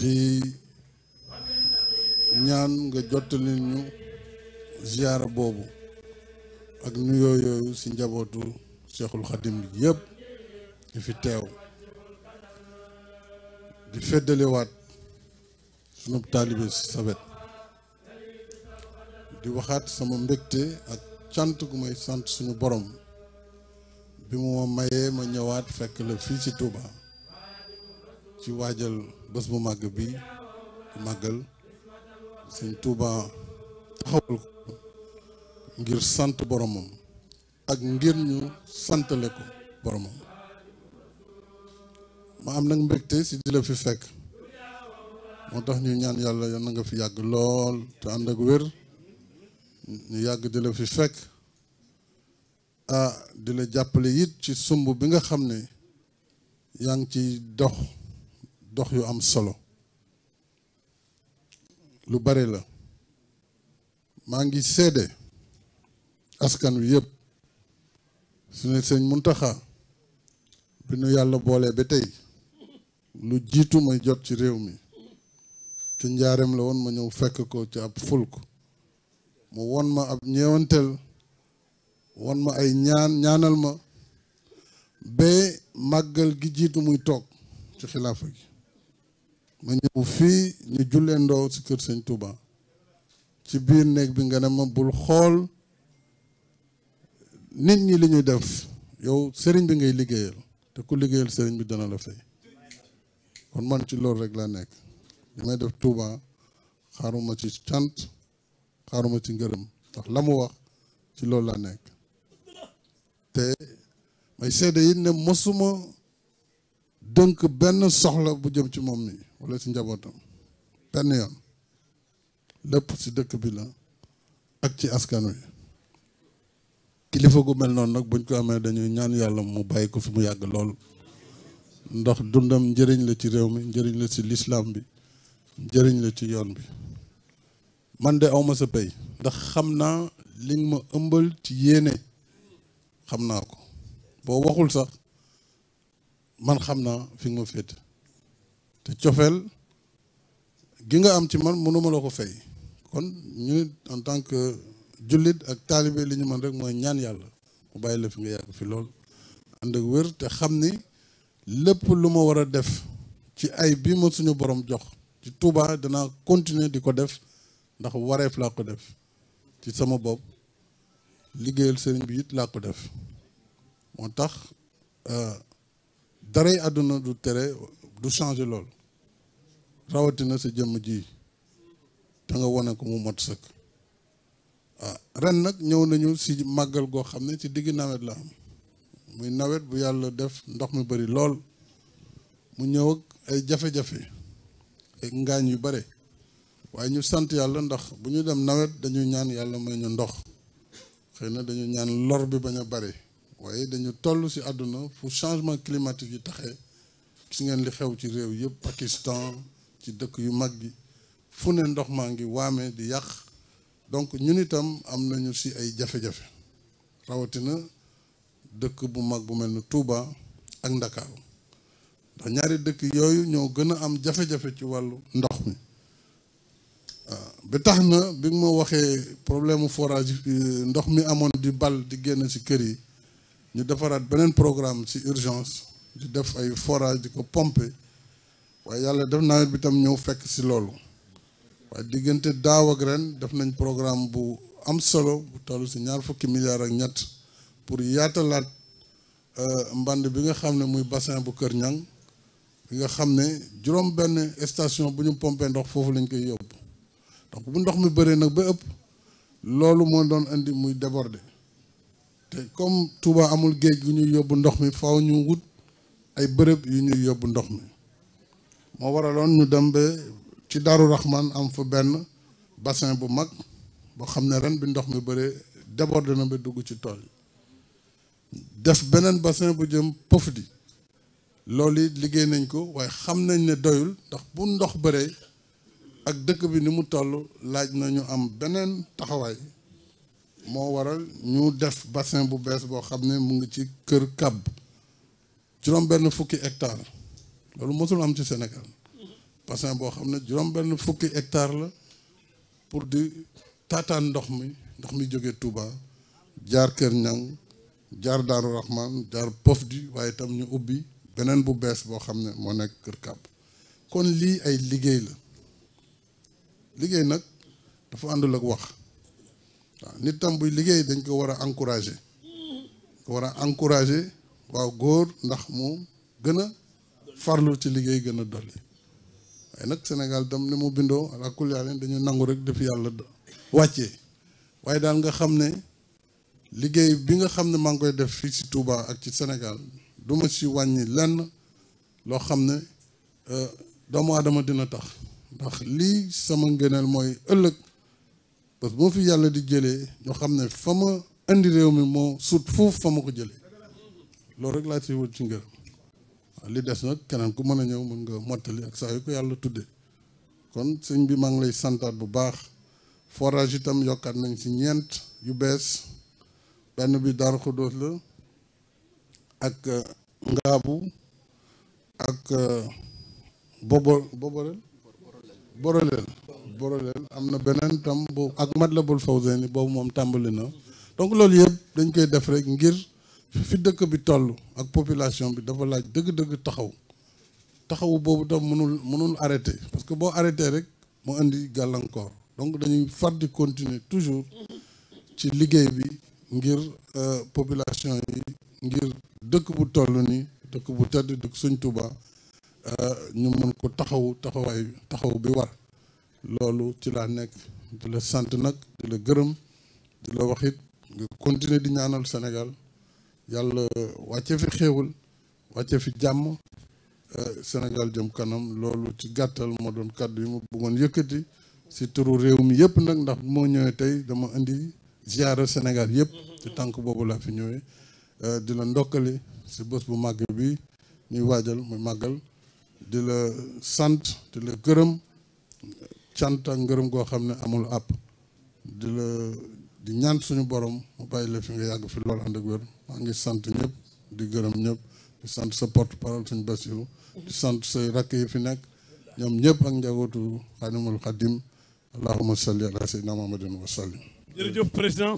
di ñaan nga jottali ñu ziyaara boobu ak nuyoo yooyu ci njabootu Cheikhul Khadim bi yëpp di fi teew di feddalewaat sunu taalibe ci sa wet di waxaat sama mbégte ak cant gu may sant suñu boroom bi mu ma mayee ma ñëwaat fekk la fii ci Touba. ci waajal bés bu màgg bi màggal sëñ Tuuba taxawal ko ngir sant boromam ak ngir ñu santale ko boromam ma am nag mbégte si di fi fekk moo tax ñu ñaan yàlla yal na nga fi yàgg lool te ànd ak wér ñu yàgg di la fi fekk ah di la jàppale it ci sumb bi nga xam ne yaa ngi ci dox dox yu am solo lu bare la maa ngi seede askan wi yëpp suñu sëñ taxa bi nu yàlla boole ba tey lu jiitu may jot ci réew mi ci njaareem la woon ma ñëw fekk ko ci ab fulk mu won ma ab ñeewanteel won ma ay ñaan ñaanal ma ba màggal gi jiitu muy toog ci xilaafa gi ma ñëw fii ñu juleendoo ci kër sëñ Touba ci biir néeg bi nga ne ma bul xool nit ñi li ñuy def yow sëriñ bi ngay liggéeyal te ku liggéeyal sëriñ bi dana la fay kon man ci loolu rek laa nekk li def Touba xaaruma ci cant xaaruma ci ngërëm ndax la mu wax ci loolu laa nekk te may seede yi ne mosuma dënk benn soxla bu jëm ci moom mi wala ci njabootam benn lépp ci dëkk bi la ak ci askan wi kilifa gu mel noonu nag buñ ko amee dañuy ñaan yàlla mu bàyyi ko fi mu yàgg lool ndax dundam njëriñ la ci réew mi njëriñ la ci lislaam bi njëriñ la ci yoon bi man de awma sa pay ndax xam naa li nga ëmbal ci yéene xam naa ko boo waxul sax man xam naa fi nga ma féete te cofeel gi nga am ci man mënuma la ko fay kon ñu en tant que jullit ak taalibe li ñu man rek mooy ñaan yàlla mu la fi nga yàgg fi lool ànd ak wér te xam ni lépp lu ma war a def ci ay bi ma suñu boroom jox ci tuubaa danaa continuer di ko def ndax wareef laa ko def ci sama bopp liggéeyal sëriñ bi laa ko def moo tax euh, daray àdduna du tere du changer loolu rawatina sa jëmm ji te nga wane ko mu mot sëkk ah ren nag ñëw nañu si màggal goo xam ne ci digg nawet la am muy nawet bu yàlla def ndox mu bari lool mu ñëw ay jafe-jafe ay ngaañ yu bare waaye ñu sant yàlla ndox bu ñu dem nawet dañuy ñaan yàlla may ñu ndox xëy na dañuy ñaan lor bi bañ a bare waaye dañu toll si àdduna fu changement climatique yi taxe gis ngeen li xew ci réew yëpp Pakistan ci dëkk yu mag yi fu ne ndox maa ngi waame di yàq donc ñun itam am nañu si ay jafe-jafe rawatina dëkk bu mag bu mel ni Touba ak Ndakaaru ndax ñaari dëkk yooyu ñoo gën a am jafe-jafe ci wàllu ndox mi waaw ah, ba tax na bi ma waxee problème mu forage ndox mi amoon di bal di génn si kër yi ñu defaraat beneen programme ci urgence di def ay forage di ko pomper waaye yàlla def nawet bi tam ñëw fekk si loolu waaye diggante daaw ren def nañ programme bu am solo bu toll si ñaar fukki milliards ak ñett pour yaatalaat euh, mband bi nga xam ne muy bassin bu Kër ñaŋ bi nga xam ne juróom benn station bu ñu pompee ndox foofu lañ koy yóbbu donc bu ndox mi bëree nag ba ëpp loolu moo doon indi muy déborder te comme Touba amul géej gu ñuy yóbbu ndox mi faaw ñu wut ay bërëb yu ñuy yóbbu ndox mi moo waraloon ñu dem ba ci Daaru Rahman am fu benn bassin bu mag boo xam ne ren bi ndox mi baree déborde na ba dugg ci tool yi def beneen bassin bu jëm Pofdy loolu it liggéey nañ ko waaye xam nañ ne doyul ndax bu ndox bëree ak dëkk bi ni mu toll laaj na ñu am beneen taxawaay moo waral ñu def bassin bu bees boo xam ne mu ngi ci kër kàbb juróom-benn fukki hectare loolu mosul am ci Sénégal bassin boo xam ne juróom-benn fukki ectare la pour di taataan ndox mi ndox mi jóge Touba jaar Kër Ñang jaar Daaru Rahman jaar Pofdi waaye tam ñu ubbi beneen bu bees boo xam ne moo nekk Kër Kàbb kon lii ay liggéey la liggéey nag dafa àndul ak wax waaw nit tam buy liggéey dañ ko war a encourager ko war a encourager waaw góor ndax mu gën a farlu ci liggéey gën a dolli waaye nag senegal tam ni mu bindoo ala kulli leen dañu nangu rek def yàlla wàccee waaye daal nga xam ne liggéey bi nga xam ne maa ngi koy def fii si Touba ak ci Sénégal du ma ci wàññi lenn loo xam ne euh, doomu aadama dina tax ndax lii sama ngëneel mooy ëllëg parce que boo fi yàlla di jëlee ñoo xam ne fa ma indi réew mi moo sut foofu fa ma ko jëlee loolu rek laa ci wut ci ngërëm li des nag keneen ku mën a ñëw mën nga mottali ak saa yu ko yàlla tudde kon sëñ bi maa ngi lay santaat bu baax forage itam yokkaat nañ ci ñeent yu bees benn bi Daaru Xudóos la ak euh, ngaabu ak euh, bobo boboreel boroleel boroleel am na beneen tam bu ak Matlabul Fawzayni boobu moom tàmbali na donc loolu yëpp dañ koy def rek ngir fi dëkk bi toll ak population bi dafa laaj dëgg-dëgg taxaw taxawu boobu tam mënul mënul arrêté parce que boo arrêté rek moo indi gàllankoor donc dañuy far di continuer toujours ci liggéey bi ngir euh, population yi ngir dëkk bu toll nii dëkk bu tedd dëkk Sëñ Tuuba euh, ñu mën ko taxawu taxawaay taxaw bi war loolu ci laa nekk ci la sant nag di la gërëm di la wax it nga continuer di ñaanal Sénégal yàlla wàcce fi xéewal wàcce fi jàmm euh, Sénégal jëm kanam loolu ci gàttal moo doon kàddu yi ma bëggoon yëkkati si turu réew mi yëpp nag ndax moo ñëwee tey dama indi ziara Sénégal yëpp ci tànk boobu laa fi ñëwee euh, di la ndokkali si bés bu màgg bi ñuy waajal mu màggal di la sant di la gërëm cant ak ngërëm goo xam ne amul àpp di la di ñaan suñu borom mu bàyyi la fi nga yàgg fi loolu ànd ak wér maa ngi sant ñëpp di gërëm ñëpp di sant sa porte parole suñu Bassirou di sant say rakk yi fi nekk ñoom ñëpp ak njabootu xaadimul xadim allahuma salli ala sayyidina muhammadin wa sallim jërëjëf président